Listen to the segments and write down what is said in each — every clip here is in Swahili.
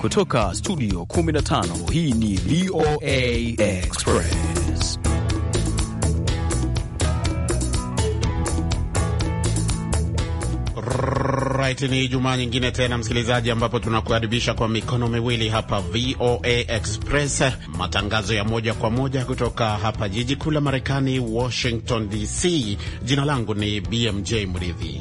Kutoka studio 15 hii ni VOA Express. Right, ni Jumaa nyingine tena msikilizaji, ambapo tunakukaribisha kwa mikono miwili hapa VOA Express, matangazo ya moja kwa moja kutoka hapa jiji kuu la Marekani, Washington DC. Jina langu ni BMJ Mridhi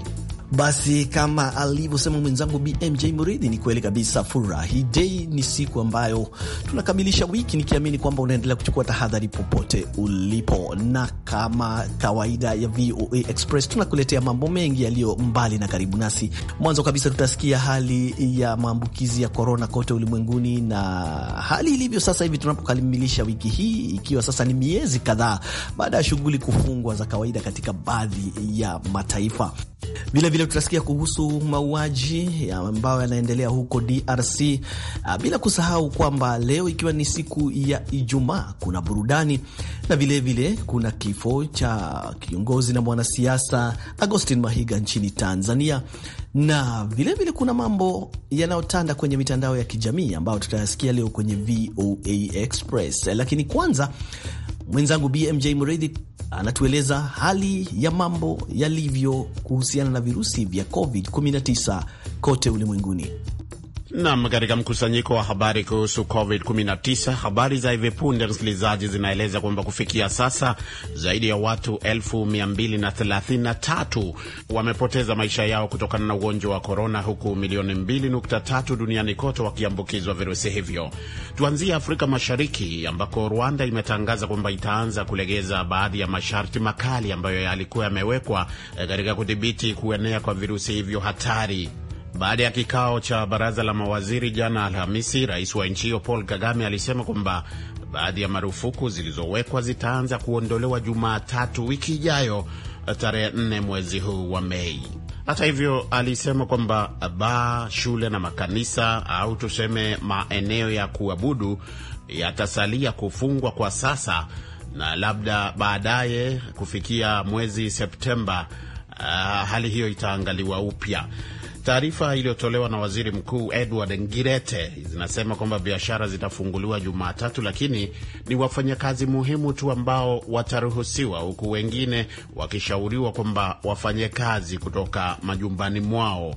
basi kama alivyosema mwenzangu BMJ Muridhi, ni kweli kabisa. Furahi Dei ni siku ambayo tunakamilisha wiki nikiamini kwamba unaendelea kuchukua tahadhari popote ulipo, na kama kawaida ya VOA Express tunakuletea mambo mengi yaliyo mbali na karibu nasi. Mwanzo kabisa tutasikia hali ya maambukizi ya korona kote ulimwenguni na hali ilivyo sasa hivi tunapokamilisha wiki hii, ikiwa sasa ni miezi kadhaa baada ya shughuli kufungwa za kawaida katika baadhi ya mataifa. Vilevile tutasikia kuhusu mauaji ambayo yanaendelea huko DRC, ah, bila kusahau kwamba leo ikiwa ni siku ya Ijumaa kuna burudani na vilevile vile, kuna kifo cha kiongozi na mwanasiasa Agostin Mahiga nchini Tanzania, na vilevile vile kuna mambo yanayotanda kwenye mitandao ya kijamii ambayo tutayasikia leo kwenye VOA Express. Lakini kwanza mwenzangu BMJ Mridhi anatueleza hali ya mambo yalivyo kuhusiana na virusi vya COVID-19 kote ulimwenguni. Nam, katika mkusanyiko wa habari kuhusu COVID-19, habari za hivi punde, msikilizaji, zinaeleza kwamba kufikia sasa zaidi ya watu 233 wamepoteza maisha yao kutokana na ugonjwa wa korona, huku milioni 2.3 duniani kote wakiambukizwa virusi hivyo. Tuanzie Afrika Mashariki ambako Rwanda imetangaza kwamba itaanza kulegeza baadhi ya masharti makali ambayo yalikuwa yamewekwa eh, katika kudhibiti kuenea kwa virusi hivyo hatari baada ya kikao cha baraza la mawaziri jana Alhamisi, rais wa nchi hiyo Paul Kagame alisema kwamba baadhi ya marufuku zilizowekwa zitaanza kuondolewa Jumatatu wiki ijayo, tarehe nne mwezi huu wa Mei. Hata hivyo, alisema kwamba baa, shule na makanisa au tuseme maeneo ya kuabudu yatasalia kufungwa kwa sasa na labda baadaye kufikia mwezi Septemba. Uh, hali hiyo itaangaliwa upya. Taarifa iliyotolewa na waziri mkuu Edward Ngirete zinasema kwamba biashara zitafunguliwa Jumatatu, lakini ni wafanyakazi muhimu tu ambao wataruhusiwa, huku wengine wakishauriwa kwamba wafanye kazi kutoka majumbani mwao.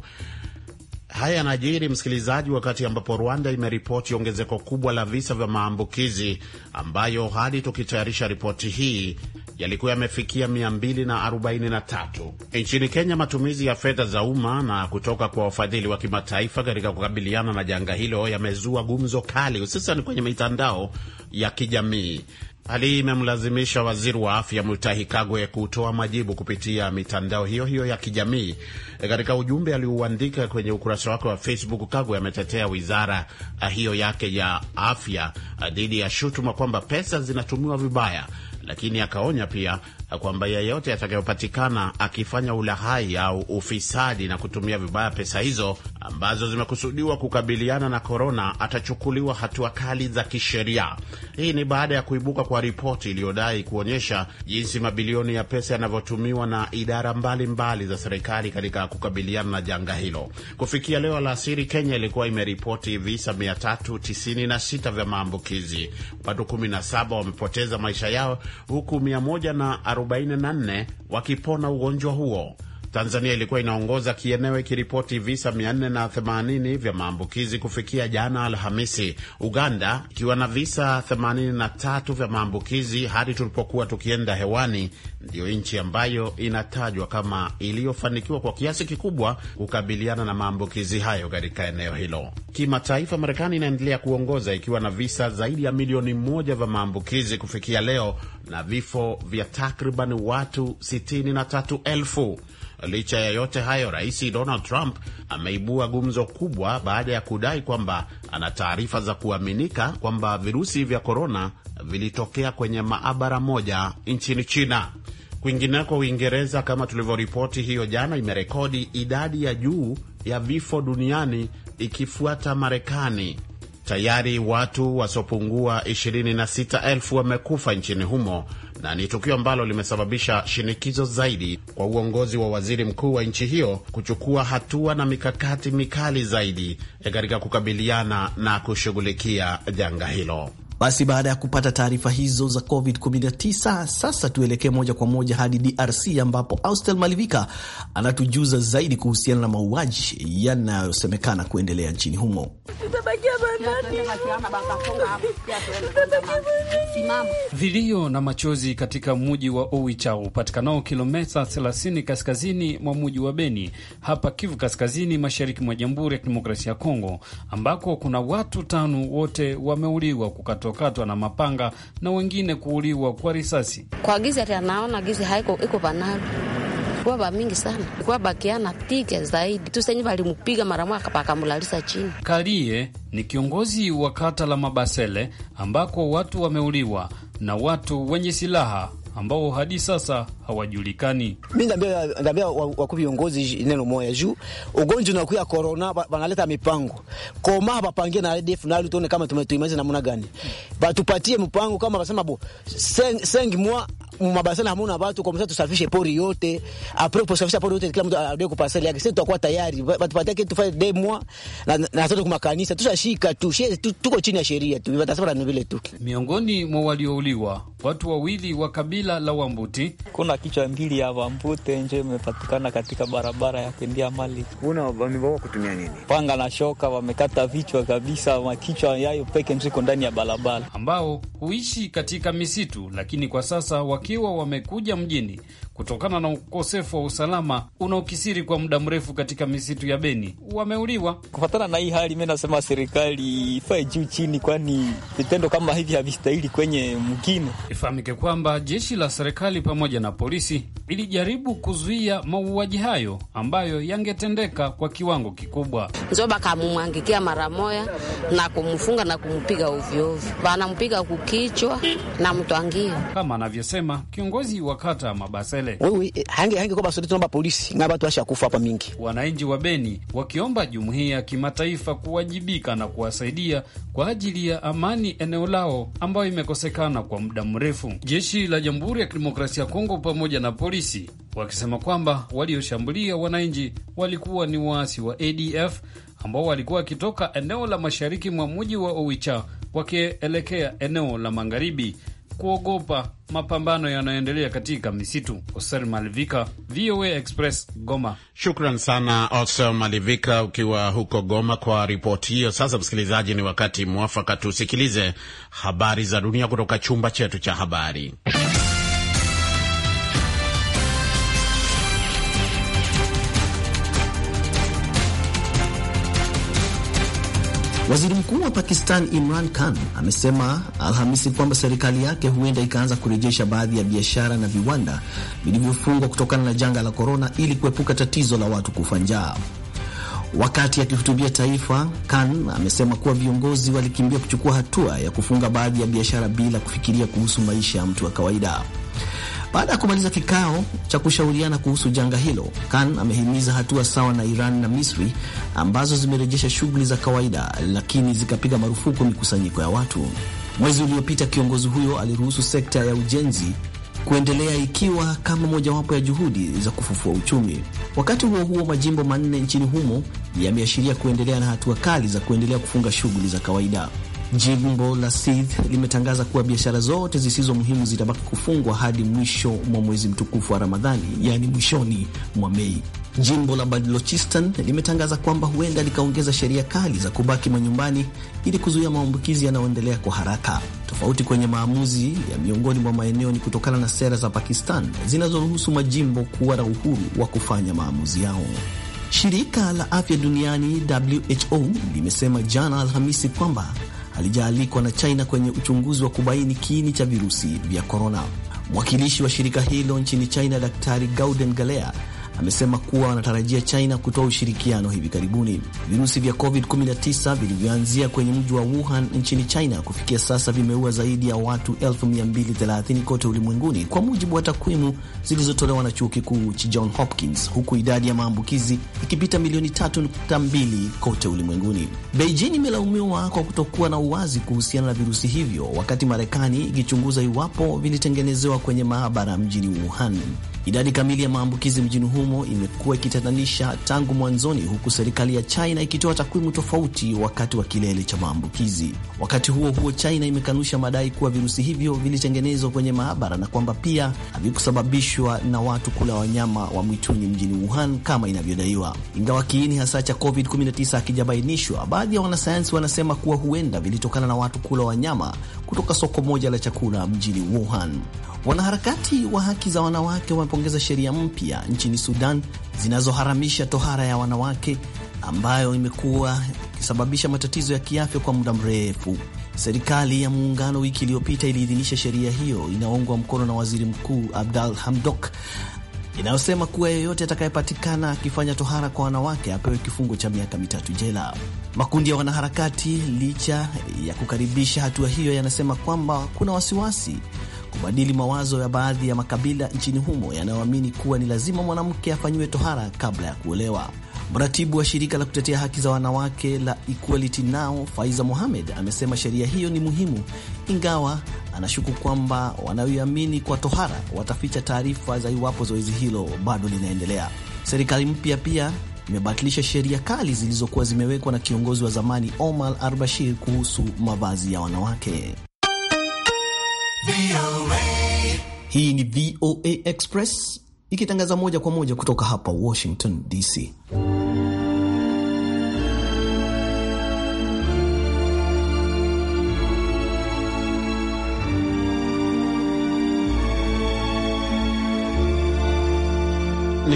Haya yanajiri msikilizaji, wakati ambapo Rwanda imeripoti ongezeko kubwa la visa vya maambukizi ambayo hadi tukitayarisha ripoti hii yalikuwa yamefikia 243. Nchini Kenya, matumizi ya fedha za umma na kutoka kwa wafadhili wa kimataifa katika kukabiliana na janga hilo yamezua gumzo kali, hususan kwenye mitandao ya kijamii. Hali hii imemlazimisha waziri wa afya Mutahi Kagwe kutoa majibu kupitia mitandao hiyo hiyo ya kijamii. E, katika ujumbe aliouandika kwenye ukurasa wake wa Facebook, Kagwe ametetea wizara hiyo yake ya afya dhidi ya shutuma kwamba pesa zinatumiwa vibaya, lakini akaonya pia kwamba yeyote atakayopatikana akifanya ulahai au ufisadi na kutumia vibaya pesa hizo ambazo zimekusudiwa kukabiliana na korona atachukuliwa hatua kali za kisheria. Hii ni baada ya kuibuka kwa ripoti iliyodai kuonyesha jinsi mabilioni ya pesa yanavyotumiwa na idara mbalimbali mbali za serikali katika kukabiliana na janga hilo. Kufikia leo alasiri, Kenya ilikuwa imeripoti visa 396 vya maambukizi. Watu 17 wamepoteza maisha yao huku 44 wakipona ugonjwa huo. Tanzania ilikuwa inaongoza kieneo ikiripoti visa 480 vya maambukizi kufikia jana Alhamisi, Uganda ikiwa na visa 83 vya maambukizi. Hadi tulipokuwa tukienda hewani, ndiyo nchi ambayo inatajwa kama iliyofanikiwa kwa kiasi kikubwa kukabiliana na maambukizi hayo katika eneo hilo. Kimataifa, Marekani inaendelea kuongoza ikiwa na visa zaidi ya milioni moja vya maambukizi kufikia leo na vifo vya takriban watu 63 elfu. Licha ya yote hayo, Rais Donald Trump ameibua gumzo kubwa baada ya kudai kwamba ana taarifa za kuaminika kwamba virusi vya korona vilitokea kwenye maabara moja nchini China. Kwingineko, Uingereza kama tulivyoripoti hiyo jana, imerekodi idadi ya juu ya vifo duniani ikifuata Marekani. Tayari watu wasiopungua 26,000 wamekufa nchini humo na ni tukio ambalo limesababisha shinikizo zaidi kwa uongozi wa waziri mkuu wa nchi hiyo kuchukua hatua na mikakati mikali zaidi katika kukabiliana na kushughulikia janga hilo. Basi baada ya kupata taarifa hizo za COVID-19, sasa tuelekee moja kwa moja hadi DRC ambapo Austel Malivika anatujuza zaidi kuhusiana na mauaji yanayosemekana kuendelea nchini humo. Vilio na machozi katika muji wa Oicha upatikanao kilomita 30 kaskazini mwa muji wa Beni, hapa Kivu Kaskazini, mashariki mwa Jamhuri ya Kidemokrasia ya Kongo, ambako kuna watu tano wote wameuliwa kukatwa kukatwakatwa na mapanga na wengine kuuliwa kwa risasi. Kwa gizi hati anaona gizi haiko iko panalo kuwa ba mingi sana kuwa bakiana piga zaidi tusenye valimpiga mara mwaka pakamlalisa chini. Kalie ni kiongozi wa kata la Mabasele ambako watu wameuliwa na watu wenye silaha ambao hadi sasa hawajulikani. Mi naambia wakuu viongozi neno moja juu ugonjwa unakuya korona, wanaleta mipango koma bapangie na RDF nalo tuone kama tumetuimaliza namna gani, batupatie mpango kama wasema bo seng, sengi mwa mabasana hamuna watu kwa msa tusafishe pori yote apres posafisha pori yote kila mtu arudie kupaseli yake, sisi tutakuwa tayari batupatie kitu fanye de mwa na na sote kwa kanisa tushashika tu tuko chini ya sheria tu batasema na vile tu. Miongoni mwa waliouliwa watu wawili wa kabila la Wambuti kuna Vyakula kichwa mbili ya vambute nje imepatikana katika barabara ya Kendia Mali. Una wamebao kutumia nini? Panga na shoka, wamekata vichwa kabisa, makichwa yayo peke mziko ndani ya barabara, ambao huishi katika misitu, lakini kwa sasa wakiwa wamekuja mjini kutokana na ukosefu wa usalama unaokisiri kwa muda mrefu katika misitu ya Beni wameuliwa. Kufatana na hii hali, mi nasema serikali ifae juu chini, kwani vitendo kama hivi havistahili kwenye mgine. Ifahamike kwamba jeshi la serikali pamoja na polisi ilijaribu kuzuia mauaji hayo ambayo yangetendeka kwa kiwango kikubwa. Nzoba kamumwangikia mara moya na kumfunga na kumpiga ovyoovyo, banampiga kukichwa na mtwangia, kama anavyosema kiongozi wa kata eh, hapa Mabasele. Wananchi wa Beni wakiomba jumuiya ya kimataifa kuwajibika na kuwasaidia kwa ajili ya amani eneo lao ambayo imekosekana kwa muda mrefu. Jeshi la Jamhuri ya Kidemokrasia ya Kongo pamoja na polisi wakisema kwamba walioshambulia wananchi walikuwa ni waasi wa ADF ambao walikuwa wakitoka eneo la mashariki mwa mji wa Oicha wakielekea eneo la magharibi kuogopa mapambano yanayoendelea katika misitu. Oser Malivika, VOA Express, Goma. Shukran sana Oser Malivika ukiwa huko Goma kwa ripoti hiyo. Sasa msikilizaji, ni wakati mwafaka tusikilize habari za dunia kutoka chumba chetu cha habari. Waziri mkuu wa Pakistan Imran Khan amesema Alhamisi kwamba serikali yake huenda ikaanza kurejesha baadhi ya biashara na viwanda vilivyofungwa kutokana na janga la korona ili kuepuka tatizo la watu kufa njaa. Wakati akihutubia taifa, Khan amesema kuwa viongozi walikimbia kuchukua hatua ya kufunga baadhi ya biashara bila kufikiria kuhusu maisha ya mtu wa kawaida. Baada ya kumaliza kikao cha kushauriana kuhusu janga hilo, Khan amehimiza hatua sawa na Iran na Misri ambazo zimerejesha shughuli za kawaida, lakini zikapiga marufuku mikusanyiko ya watu. Mwezi uliopita, kiongozi huyo aliruhusu sekta ya ujenzi kuendelea ikiwa kama mojawapo ya juhudi za kufufua uchumi. Wakati huo huo, majimbo manne nchini humo yameashiria kuendelea na hatua kali za kuendelea kufunga shughuli za kawaida. Jimbo la Sindh limetangaza kuwa biashara zote zisizo muhimu zitabaki kufungwa hadi mwisho mwa mwezi mtukufu wa Ramadhani, yaani mwishoni mwa Mei. Jimbo la Balochistan limetangaza kwamba huenda likaongeza sheria kali za kubaki manyumbani ili kuzuia maambukizi yanayoendelea kwa haraka. Tofauti kwenye maamuzi ya miongoni mwa maeneo ni kutokana na sera za Pakistan zinazoruhusu majimbo kuwa na uhuru wa kufanya maamuzi yao. Shirika la afya duniani WHO limesema jana Alhamisi kwamba halijaalikwa na China kwenye uchunguzi wa kubaini kiini cha virusi vya korona. Mwakilishi wa shirika hilo nchini China, Daktari Gauden Galea amesema kuwa wanatarajia China kutoa ushirikiano hivi karibuni. Virusi vya COVID-19 vilivyoanzia kwenye mji wa Wuhan nchini China kufikia sasa vimeua zaidi ya watu 230 kote ulimwenguni kwa mujibu wa takwimu zilizotolewa na chuo kikuu cha John Hopkins, huku idadi ya maambukizi ikipita milioni 3.2 kote ulimwenguni. Beijing imelaumiwa kwa kutokuwa na uwazi kuhusiana na virusi hivyo, wakati Marekani ikichunguza iwapo vilitengenezewa kwenye maabara mjini Wuhan. Idadi kamili ya maambukizi mjini humo imekuwa ikitatanisha tangu mwanzoni, huku serikali ya China ikitoa takwimu tofauti wakati wa kilele cha maambukizi. Wakati huo huo, China imekanusha madai kuwa virusi hivyo vilitengenezwa kwenye maabara na kwamba pia havikusababishwa na watu kula wanyama wa mwituni mjini Wuhan kama inavyodaiwa. Ingawa kiini hasa cha COVID-19 hakijabainishwa, baadhi ya wanasayansi wanasema kuwa huenda vilitokana na watu kula wanyama kutoka soko moja la chakula mjini Wuhan. Wanaharakati wa haki za wanawake wamepongeza sheria mpya nchini Sudan zinazoharamisha tohara ya wanawake ambayo imekuwa ikisababisha matatizo ya kiafya kwa muda mrefu. Serikali ya muungano wiki iliyopita iliidhinisha sheria hiyo inayoungwa mkono na waziri mkuu Abdal Hamdok inayosema kuwa yeyote atakayepatikana akifanya tohara kwa wanawake apewe kifungo cha miaka mitatu jela. Makundi ya wanaharakati, licha ya kukaribisha hatua hiyo, yanasema kwamba kuna wasiwasi kubadili mawazo ya baadhi ya makabila nchini humo yanayoamini kuwa ni lazima mwanamke afanyiwe tohara kabla ya kuolewa. Mratibu wa shirika la kutetea haki za wanawake la Equality Now, Faiza Mohamed, amesema sheria hiyo ni muhimu, ingawa anashuku kwamba wanayoamini kwa tohara wataficha taarifa za iwapo zoezi hilo bado linaendelea. Serikali mpya pia imebatilisha sheria kali zilizokuwa zimewekwa na kiongozi wa zamani Omar al-Bashir kuhusu mavazi ya wanawake. Hii ni VOA Express ikitangaza moja kwa moja kutoka hapa Washington DC.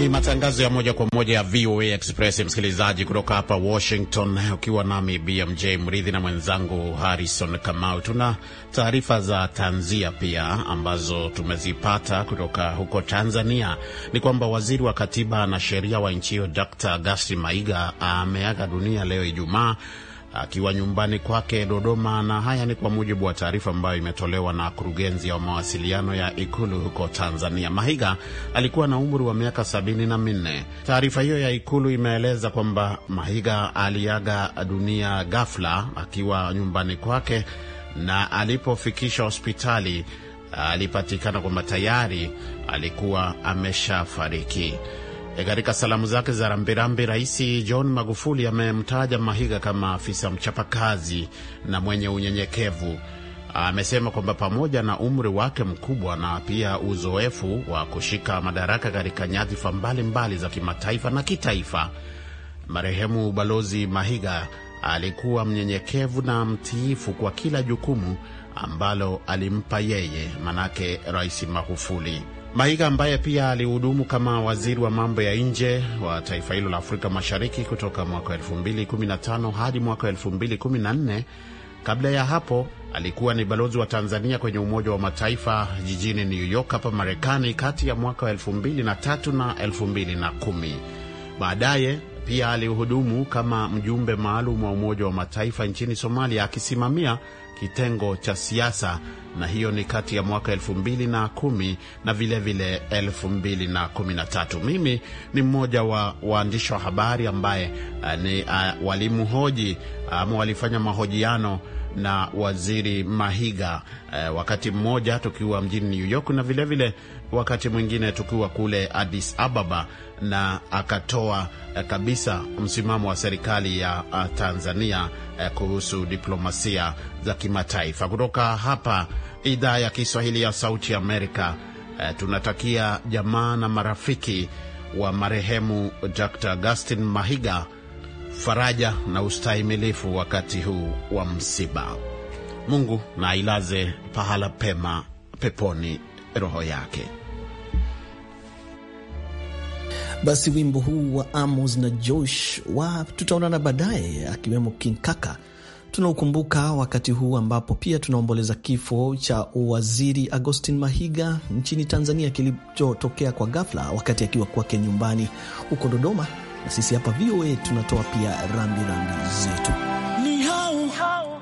Ni matangazo ya moja kwa moja ya VOA Express, msikilizaji kutoka hapa Washington, ukiwa nami BMJ Mridhi na mwenzangu Harrison Kamau. Tuna taarifa za tanzia pia ambazo tumezipata kutoka huko Tanzania. Ni kwamba waziri wa katiba na sheria wa nchi hiyo Dr. Gasti Maiga ameaga dunia leo Ijumaa akiwa nyumbani kwake Dodoma, na haya ni kwa mujibu wa taarifa ambayo imetolewa na kurugenzi ya mawasiliano ya Ikulu huko Tanzania. Mahiga alikuwa na umri wa miaka sabini na minne. Taarifa hiyo ya Ikulu imeeleza kwamba Mahiga aliaga dunia ghafla akiwa nyumbani kwake, na alipofikisha hospitali alipatikana kwamba tayari alikuwa ameshafariki. E, katika salamu zake za rambirambi, Rais John Magufuli amemtaja Mahiga kama afisa mchapakazi na mwenye unyenyekevu. Amesema kwamba pamoja na umri wake mkubwa na pia uzoefu wa kushika madaraka katika nyadhifa mbalimbali za kimataifa na kitaifa, marehemu Balozi Mahiga alikuwa mnyenyekevu na mtiifu kwa kila jukumu ambalo alimpa yeye, manake Rais Magufuli. Maiga ambaye pia alihudumu kama waziri wa mambo ya nje wa taifa hilo la Afrika Mashariki kutoka mwaka 2015 hadi mwaka 2014. Kabla ya hapo alikuwa ni balozi wa Tanzania kwenye Umoja wa Mataifa jijini New York hapa Marekani kati ya mwaka wa 2003 na 2010. Baadaye pia alihudumu kama mjumbe maalum wa Umoja wa Mataifa nchini Somalia akisimamia kitengo cha siasa, na hiyo ni kati ya mwaka elfu na na vilevile elfu mbili tatu. Mimi ni mmoja wa waandishi wa habari ambaye eh, ni uh, eh, walimhoji ama um, walifanya mahojiano na waziri Mahiga eh, wakati mmoja tukiwa mjini New York na vilevile vile wakati mwingine tukiwa kule Addis Ababa, na akatoa eh, kabisa msimamo wa serikali ya eh, Tanzania eh, kuhusu diplomasia za kimataifa. Kutoka hapa idhaa ya Kiswahili ya Sauti Amerika eh, tunatakia jamaa na marafiki wa marehemu Dr. gastin Mahiga faraja na ustahimilifu wakati huu wa msiba. Mungu na ailaze pahala pema peponi roho yake. Basi wimbo huu wa Amos na Josh wa tutaonana baadaye, akiwemo King Kaka tunaukumbuka wakati huu ambapo pia tunaomboleza kifo cha waziri Augostin Mahiga nchini Tanzania kilichotokea kwa ghafla wakati akiwa kwake nyumbani huko Dodoma na sisi hapa VOA tunatoa pia rambi rambi zetu. Ni hao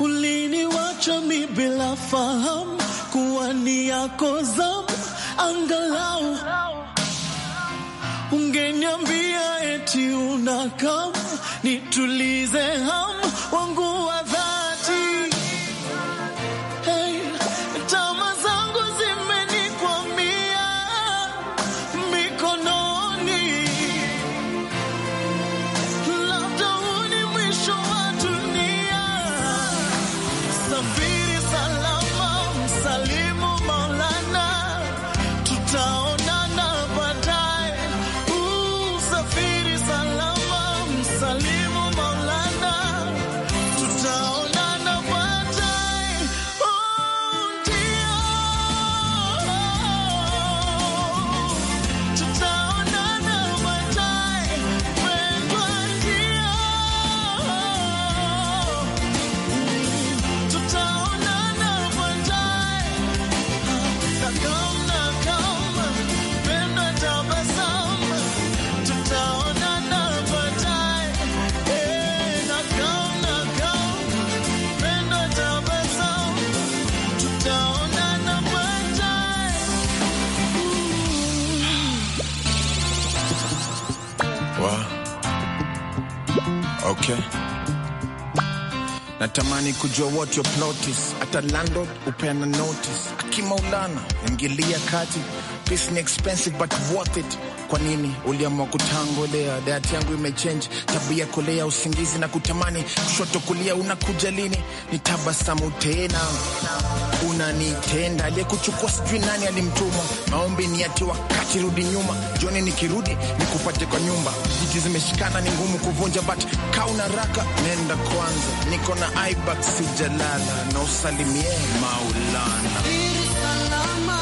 ulini uliniwacha mi bila fahamu kuwa ni yako zamu, angalau ungeniambia eti unakam nitulize hamu wangu wa Wow. Okay. Natamani kujua what your plot is. Hata landlord upeana notice. Akimaulana, ingilia kati. Peace ni expensive but worth it. Kwa nini uliamua kutangolea? Dayati yangu imechange tabia, kulea usingizi na kutamani kushoto kulia, unakuja lini? Ni tabasamu tena unanitenda kuchukua sijui nani alimtuma. Maombi ni ati wakati rudi nyuma, jioni nikirudi nikupate kwa nyumba. Jiji zimeshikana ni ngumu kuvunja, but kauna raka nenda kwanza, niko na aiba sijalala, na usalimie Maulana salama,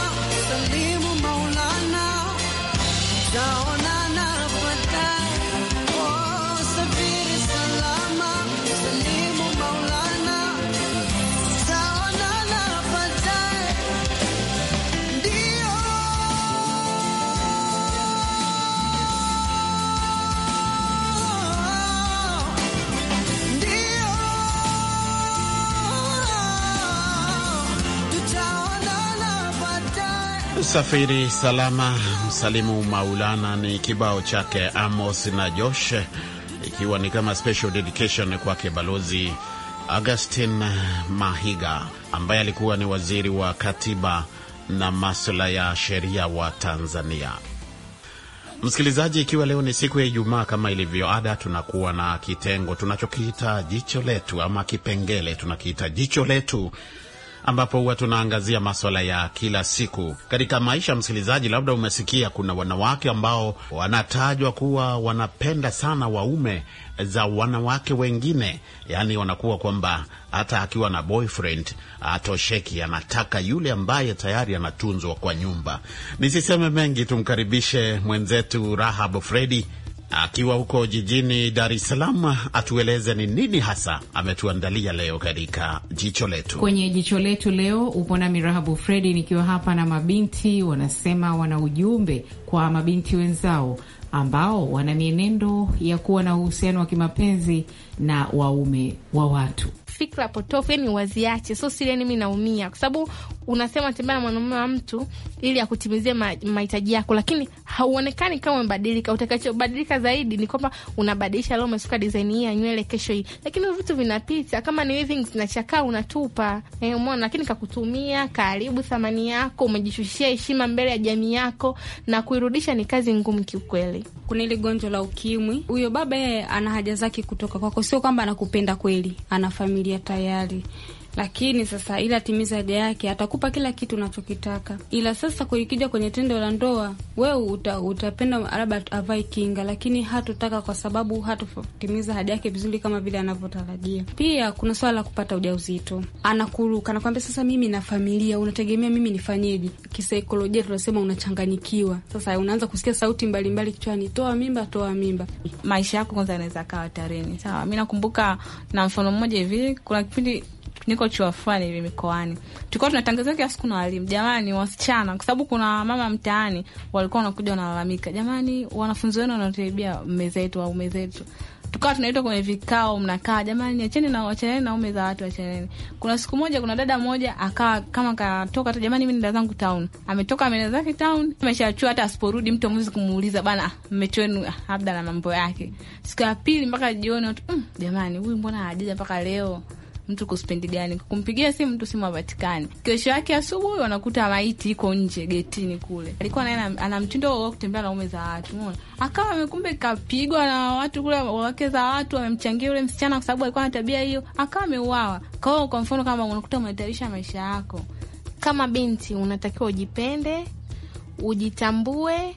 salimu Maulana. Safiri salama, msalimu Maulana ni kibao chake Amos na Josh, ikiwa ni kama special dedication kwake Balozi Augustin Mahiga ambaye alikuwa ni waziri wa katiba na masuala ya sheria wa Tanzania. Msikilizaji, ikiwa leo ni siku ya Ijumaa, kama ilivyo ada, tunakuwa na kitengo tunachokiita jicho letu ama kipengele tunakiita jicho letu ambapo huwa tunaangazia maswala ya kila siku katika maisha. Msikilizaji, labda umesikia kuna wanawake ambao wanatajwa kuwa wanapenda sana waume za wanawake wengine, yaani wanakuwa kwamba hata akiwa na boyfriend atosheki, anataka yule ambaye tayari anatunzwa kwa nyumba. Nisiseme mengi, tumkaribishe mwenzetu Rahab Fredi akiwa huko jijini Dar es Salaam atueleze ni nini hasa ametuandalia leo katika jicho letu. Kwenye jicho letu leo upo nami Rahabu Fredi nikiwa hapa na mabinti, wanasema wana ujumbe kwa mabinti wenzao ambao wana mienendo ya kuwa na uhusiano wa kimapenzi na waume wa watu fikra potofu, yani waziache. So sile yani mimi naumia kwa sababu unasema tembea na mwanamume wa mtu ili akutimizie mahitaji yako, lakini hauonekani kama umebadilika. Utakachobadilika zaidi ni kwamba unabadilisha, leo umesuka design hii ya nywele, kesho hii, lakini vitu vinapita. Kama ni weaving zinachakaa, unatupa eh, umeona. Lakini kakutumia, karibu thamani yako, umejishushia heshima mbele ya jamii yako, na kuirudisha ni kazi ngumu kiukweli. Kuna ile gonjwa la ukimwi, huyo baba yeye ana haja zake kutoka kwako, sio kwamba anakupenda kweli, ana familia familia tayari lakini sasa ili atimiza haja yake atakupa kila kitu unachokitaka, ila sasa kukija kwenye tendo la ndoa, wewe uta, utapenda labda avae kinga, lakini hatutaka kwa sababu hatutimiza haja yake vizuri kama vile anavyotarajia. Pia kuna swala la kupata ujauzito, anakuruka nakwambia, sasa mimi na familia, unategemea mimi nifanyeje? Kisaikolojia tunasema unachanganyikiwa. Sasa unaanza kusikia sauti mbalimbali kichwani, toa mimba, toa mimba, maisha yako kwanza yanaweza kawa hatarini. Sawa, mi nakumbuka na mfano mmoja hivi, kuna kipindi niko chuo fulani hivi mikoani, tulikuwa tunatangazia kila siku na walimu, jamani wasichana, kwa sababu kuna mama mtaani walikuwa wanakuja wanalalamika, jamani wanafunzi wenu wanatuibia meza yetu au meza yetu tukawa tunaitwa kwenye vikao, mnakaa jamani, acheni na wachaneni na ume za watu wachaneni. Kuna siku moja, kuna dada moja akawa kama katoka tu, jamani, mimi nenda zangu town. Ametoka ameenda zake town, ameshachua hata asiporudi mtu mwezi kumuuliza bana, mmecho wenu labda na mambo yake. Siku ya pili mpaka jioni watu, mm, jamani, huyu mbona hajaja mpaka leo? mtu kuspendi gani, kumpigia simu mtu simu hapatikani. Kesho yake asubuhi wanakuta maiti iko nje getini kule. Alikuwa naye ana mtindo wa kutembea na ume za watu, mona, akawa amekumbe kapigwa na watu kule, wake za watu wamemchangia yule msichana, kwa sababu alikuwa na tabia hiyo, akawa ameuawa. Kwao kwa mfano kama unakuta unahatarisha maisha yako kama binti, unatakiwa ujipende, ujitambue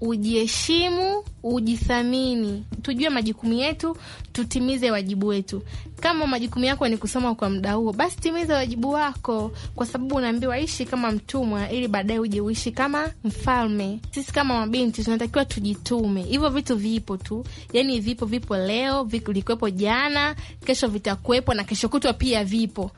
ujiheshimu, ujithamini, tujue majukumu yetu, tutimize wajibu wetu. Kama majukumu yako ni kusoma kwa muda huo, basi timiza wajibu wako, kwa sababu unaambiwa ishi kama mtumwa ili baadaye uje uishi kama mfalme. Sisi kama mabinti tunatakiwa tujitume. Hivyo vitu vipo tu, yani vipo, vipo leo, vilikuwepo jana, kesho vitakuwepo na kesho kutwa pia vipo,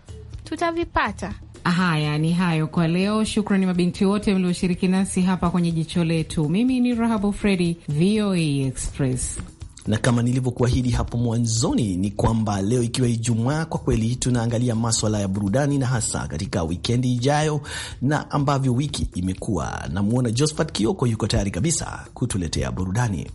tutavipata. Haya ni hayo kwa leo. Shukrani mabinti wote mlioshiriki nasi hapa kwenye jicho letu. Mimi ni Rahabu Fredi, VOA Express na kama nilivyokuahidi hapo mwanzoni ni kwamba leo ikiwa Ijumaa, kwa kweli tunaangalia maswala ya burudani na hasa katika wikendi ijayo na ambavyo wiki imekuwa. Namwona Josphat Kioko yuko tayari kabisa kutuletea burudani.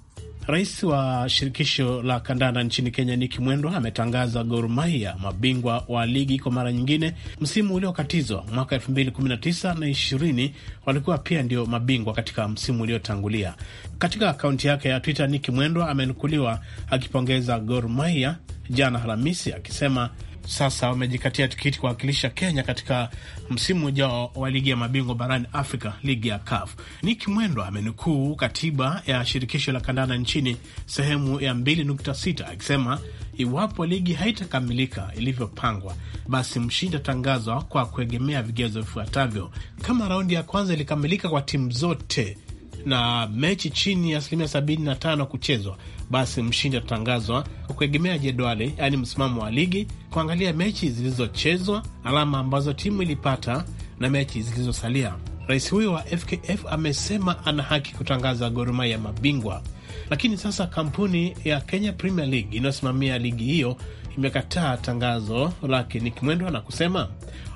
Rais wa shirikisho la kandanda nchini Kenya niki Mwendwa ametangaza Gor Mahia mabingwa wa ligi kwa mara nyingine. Msimu uliokatizwa mwaka 2019 na 20 walikuwa pia ndio mabingwa katika msimu uliotangulia. Katika akaunti yake ya Twitter, niki Mwendwa amenukuliwa akipongeza Gor Mahia jana Alhamisi akisema sasa wamejikatia tikiti kuwakilisha Kenya katika msimu ujao wa ligi ya mabingwa barani Afrika, ligi ya CAF. Niki Mwendwa amenukuu katiba ya shirikisho la kandanda nchini sehemu ya 2.6 akisema iwapo ligi haitakamilika ilivyopangwa, basi mshindi atangazwa kwa kuegemea vigezo vifuatavyo. Kama raundi ya kwanza ilikamilika kwa timu zote na mechi chini ya asilimia 75 kuchezwa, basi mshindi atatangazwa kwa kuegemea jedwali, yaani msimamo wa ligi, kuangalia mechi zilizochezwa, alama ambazo timu ilipata na mechi zilizosalia. Rais huyo wa FKF amesema ana haki kutangaza Gor Mahia mabingwa, lakini sasa kampuni ya Kenya Premier League inayosimamia ligi hiyo imekataa tangazo lake ni kimwendwa na kusema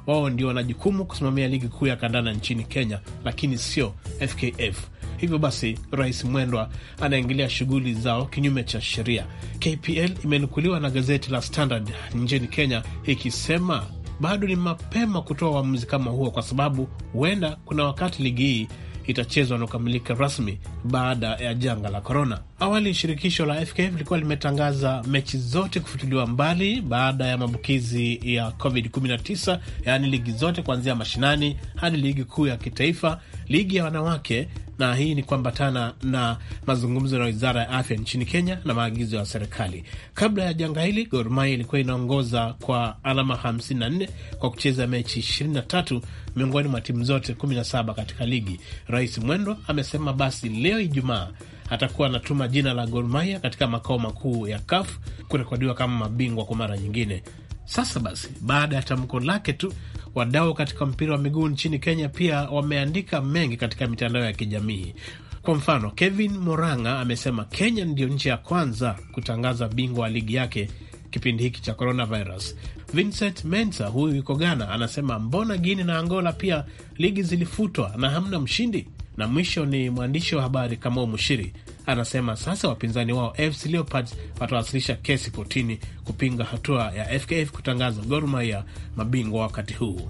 wao ndio wana jukumu kusimamia ligi kuu ya kandanda nchini Kenya, lakini sio FKF. Hivyo basi, Rais Mwendwa anaingilia shughuli zao kinyume cha sheria. KPL imenukuliwa na gazeti la Standard nchini Kenya ikisema bado ni mapema kutoa uamuzi kama huo, kwa sababu huenda kuna wakati ligi hii itachezwa na kukamilika rasmi baada ya janga la korona. Awali shirikisho la FKF lilikuwa limetangaza mechi zote kufutiliwa mbali baada ya maambukizi ya COVID-19, yaani ligi zote kuanzia mashinani hadi ligi kuu ya kitaifa, ligi ya wanawake, na hii ni kuambatana na mazungumzo na wizara ya afya nchini Kenya na maagizo ya serikali. Kabla ya janga hili, Gor Mahia ilikuwa inaongoza kwa alama 54 kwa kucheza mechi 23 miongoni mwa timu zote 17 katika ligi. Rais Mwendo amesema basi leo Ijumaa atakuwa anatuma jina la Gor Mahia katika makao makuu ya CAF kurekodiwa kama mabingwa kwa mara nyingine. Sasa basi, baada ya tamko lake tu, wadau katika mpira wa miguu nchini Kenya pia wameandika mengi katika mitandao ya kijamii. Kwa mfano, Kevin Moranga amesema Kenya ndiyo nchi ya kwanza kutangaza bingwa wa ligi yake kipindi hiki cha coronavirus. Vincent Mensa, huyu yuko Ghana, anasema mbona Guini na Angola pia ligi zilifutwa na hamna mshindi? Na mwisho ni mwandishi wa habari Kamau Mushiri anasema sasa wapinzani wao AFC Leopards watawasilisha kesi kotini kupinga hatua ya FKF kutangaza Gor Mahia mabingwa wakati huu.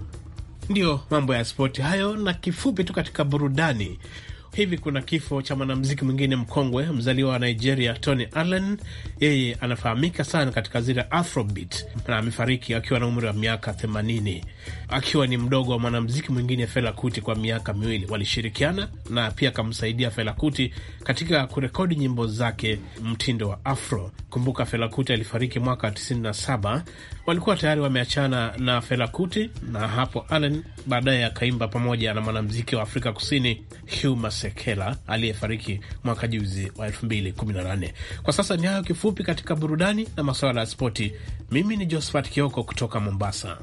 Ndiyo mambo ya spoti hayo, na kifupi tu katika burudani Hivi kuna kifo cha mwanamuziki mwingine mkongwe mzaliwa wa Nigeria, Tony Allen. Yeye anafahamika sana katika zile afrobeat na amefariki akiwa na umri wa miaka 80, akiwa ni mdogo wa mwanamuziki mwingine Fela Kuti. Kwa miaka miwili walishirikiana na pia akamsaidia Fela Kuti katika kurekodi nyimbo zake mtindo wa afro. Kumbuka Fela Kuti alifariki mwaka 97, walikuwa tayari wameachana na Fela Kuti, na hapo Allen baadaye akaimba pamoja na mwanamuziki wa Afrika Kusini Huma Sekela aliyefariki mwaka juzi wa 2018. Kwa sasa ni hayo kifupi katika burudani na masuala ya spoti. Mimi ni Josephat Kioko kutoka Mombasa.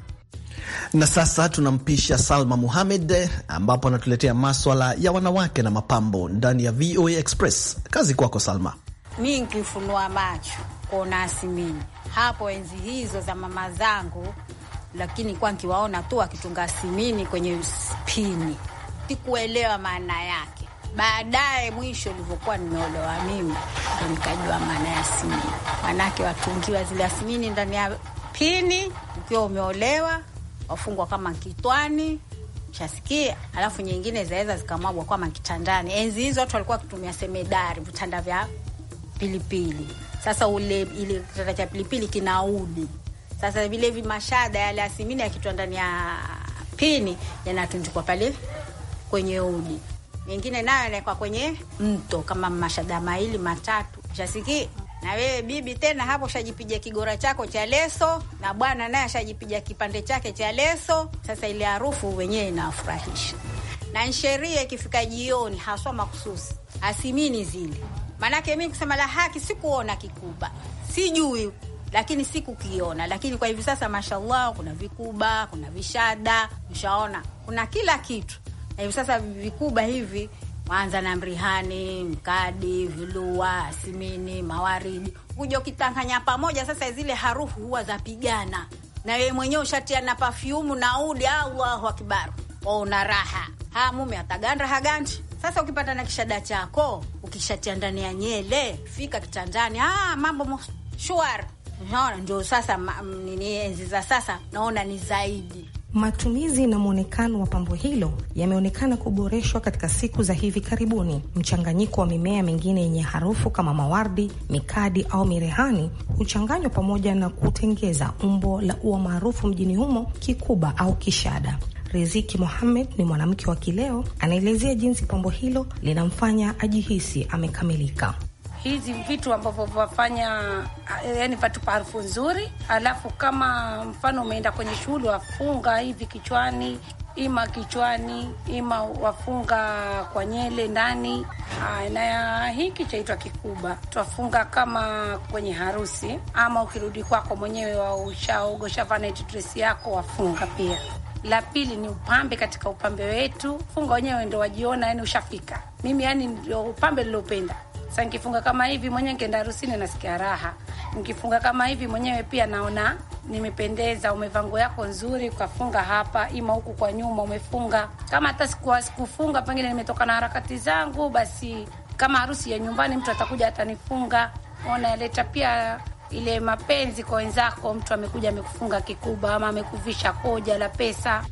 Na sasa tunampisha Salma Muhamed ambapo anatuletea maswala ya wanawake na mapambo ndani ya VOA Express. Kazi kwako Salma. Mi nkifunua macho kuona simini hapo enzi hizo za mama zangu, lakini kwa nkiwaona tu akitunga simini kwenye spini, sikuelewa maana yake Baadaye mwisho nilivyokuwa nimeolewa mimi ndo nikajua maana ya asimini, manake watungiwa zile asimini ndani ya pini, ukiwa umeolewa wafungwa kama kitwani chasikia alafu nyingine zaweza zikamwagwa kama kitandani. Enzi hizo watu walikuwa wakitumia semedari, vitanda vya pilipili. Sasa ule ile kitanda cha pilipili kinaudi. Sasa vile vimashada yale asimini yakitwa ndani ya pini yanatundikwa pale kwenye udi mengine nayo yanaekwa kwenye mto kama mashada maili matatu shasiki na wewe bibi tena hapo shajipiga kigora chako cha leso, na bwana naye ashajipiga kipande chake cha leso. Sasa ile harufu wenyewe inawafurahisha, Na nsheria ikifika jioni, haswa makususi asimini zile, maanake mi kusema la haki sikuona kikuba, sijui lakini sikukiona. Lakini kwa hivi sasa, mashallah, kuna vikuba, kuna vishada, ushaona, kuna kila kitu hivi sasa vikubwa hivi Mwanza na mrihani, mkadi, vilua, asimini, mawaridi huja ukitanganya pamoja, sasa zile harufu huwa zapigana, na yeye mwenyewe ushatia na pafyumu na udi. Allahu akbar, una raha ha mume ataganda haganti. Sasa ukipata na kishada chako ukishatia ndani ya nyele, fika kitandani, ah, mambo shwari. Unaona, ndio sasa mm, nini, enzi za sasa naona ni zaidi Matumizi na mwonekano wa pambo hilo yameonekana kuboreshwa katika siku za hivi karibuni. Mchanganyiko wa mimea mingine yenye harufu kama mawardi, mikadi au mirehani huchanganywa pamoja na kutengeza umbo la ua maarufu mjini humo, kikuba au kishada. Riziki Mohamed ni mwanamke wa kileo, anaelezea jinsi pambo hilo linamfanya ajihisi amekamilika hizi vitu ambavyo vafanya yani patupa harufu nzuri. Alafu kama mfano umeenda kwenye shughuli, wafunga hivi kichwani, ima kichwani, ima wafunga kwa nyele ndani, na hiki chaitwa kikuba, twafunga kama kwenye harusi, ama ukirudi kwako mwenyewe waushaogosha shavaneti yako wafunga pia. La pili ni upambe. Katika upambe wetu funga wenyewe ndo wajiona, yani ushafika. Mimi yani ndio upambe niliopenda sasa nikifunga kama hivi mwenyewe nikienda harusini nasikia raha. Nikifunga kama hivi mwenyewe pia naona nimependeza, umevaa nguo yako nzuri ukafunga hapa ima huku kwa nyuma umefunga. Kama hata sikufunga pengine nimetoka na harakati zangu, basi kama harusi ya nyumbani mtu atakuja atanifunga. Ona leta pia ile mapenzi kwa wenzako, mtu amekuja amekufunga kikubwa ama amekuvisha koja la pesa.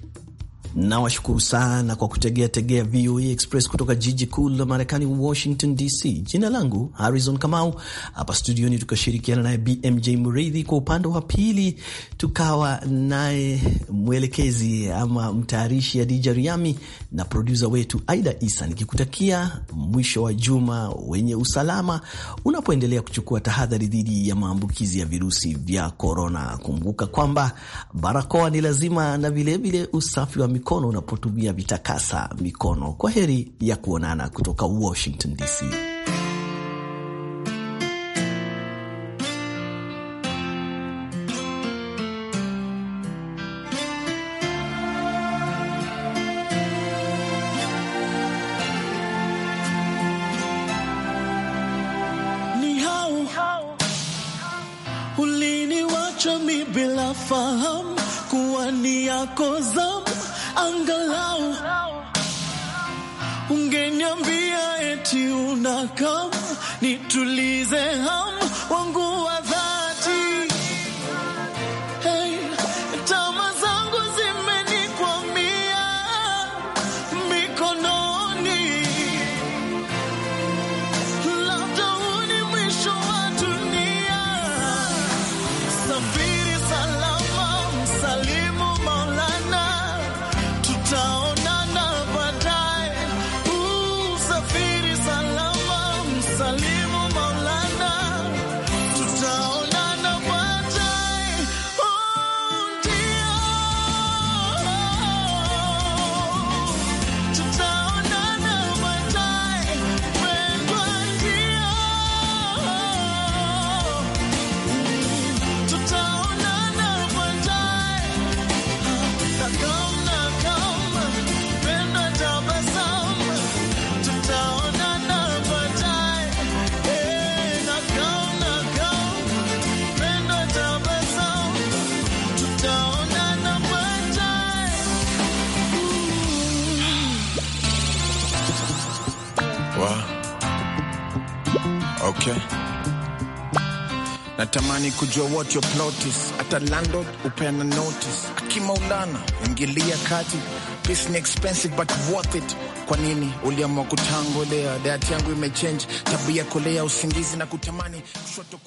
Nawashukuru sana kwa kutegea tegea VOA Express kutoka jiji kuu la Marekani, Washington DC. Jina langu Harrison Kamau, hapa studioni tukashirikiana naye BMJ Murithi kwa upande wa pili, tukawa naye mwelekezi ama mtayarishi Adija Riami na produsa wetu Aida Isa, nikikutakia mwisho wa juma wenye usalama unapoendelea kuchukua tahadhari dhidi ya maambukizi ya virusi vya korona. Kumbuka kwamba barakoa ni lazima na vilevile usafi wa mikono unapotumia vitakasa mikono. Kwa heri ya kuonana kutoka Washington DC. Uliniwacha mi bila fahamu kuwa ni yako zamu angalau ungeniambia eti unakam nitulize ham wangu kujua what plot is. Ata landlord upeana notice, akimaulana ingilia kati. Peace ni expensive but worth it. Kwa nini uliamua kutangolea? Dayati yangu imechange tabia, kulea usingizi na kutamani kushoto